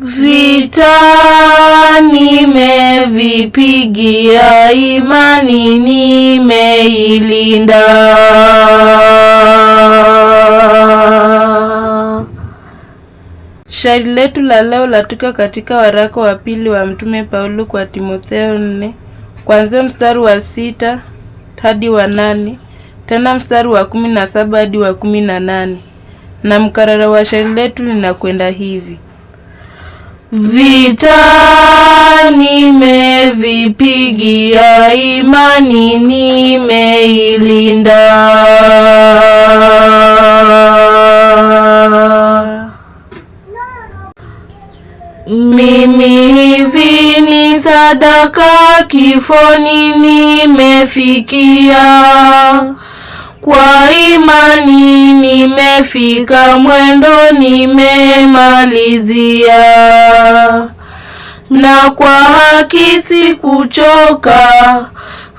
Vita nimevipigia, imani nimeilinda. Shairi letu la leo latoka katika waraka wa pili wa Mtume Paulo kwa Timotheo nne kuanzia mstari wa sita hadi wa nane tena mstari wa kumi na saba hadi wa kumi na nane na mkarara wa shairi letu linakwenda hivi: Vita nimevipigia, imani nimeilinda. Mimi hivi ni sadaka, kifoni nimefikia. Kwa imani nimefika mwendo nimemalizia, na kwa haki sikuchoka,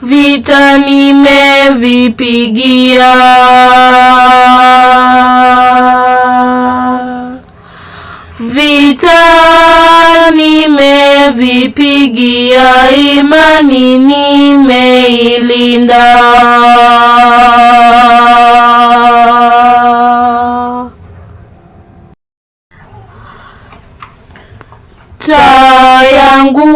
vita nimevipigia. Vita nimevipigia, imani nimeilinda Taa yangu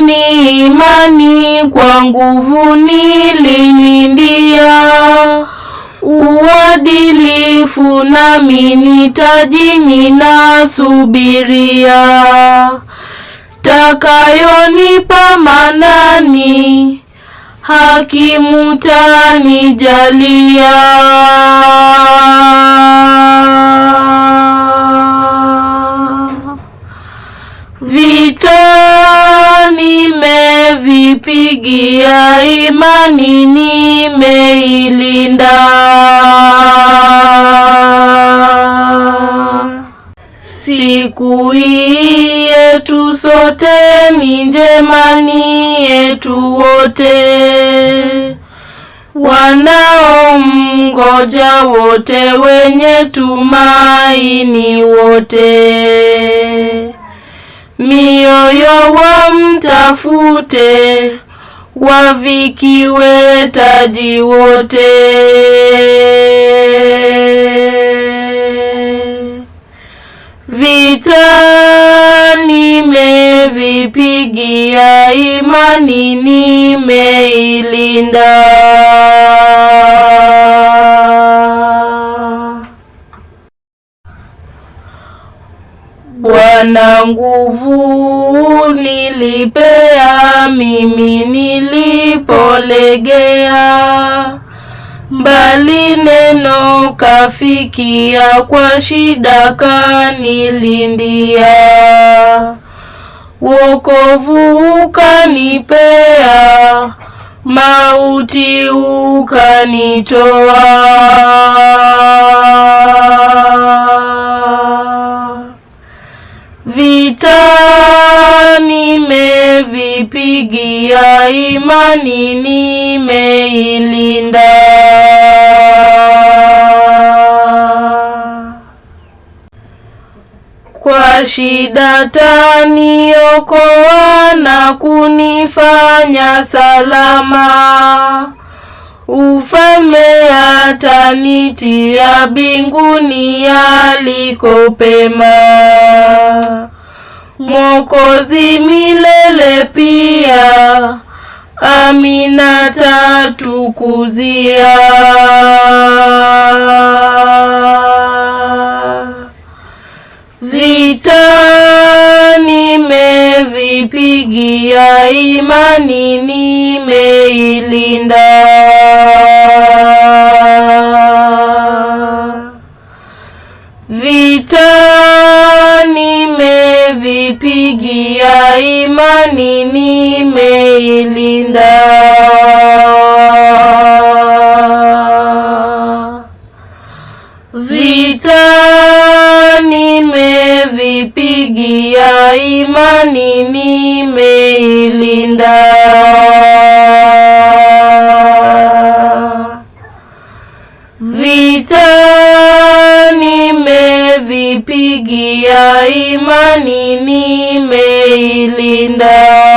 ni imani, kwa nguvu niliingia. Uadilifu nami ni taji ninasubiria. Takayonipa Manani, haki mutanijalia. Nimefungia imani, nimeilinda. Siku hii yetu sote ni njema, ni yetu wote. Wanaomngoja wote, wenye tumaini wote, mioyo wamtafute wafikiwe taji wote. Vita nimevipigia, imani nimeilinda na nguvu nilipea, mimi nilipolegea mbali neno kafikia, kwa shida kanilindia, wokovu ukanipea, mauti ukanitoa. nilipigia imani nimeilinda. Kwa shida taniokoa na kunifanya salama, ufalme atanitia binguni alikopema Mwokozi milele pia, Amina tatukuzia. Vita nimevipigia, imani nimeilinda imani nimeilinda. Vita nimevipigia, imani nimeilinda. Vita nimevipigia, imani nime linda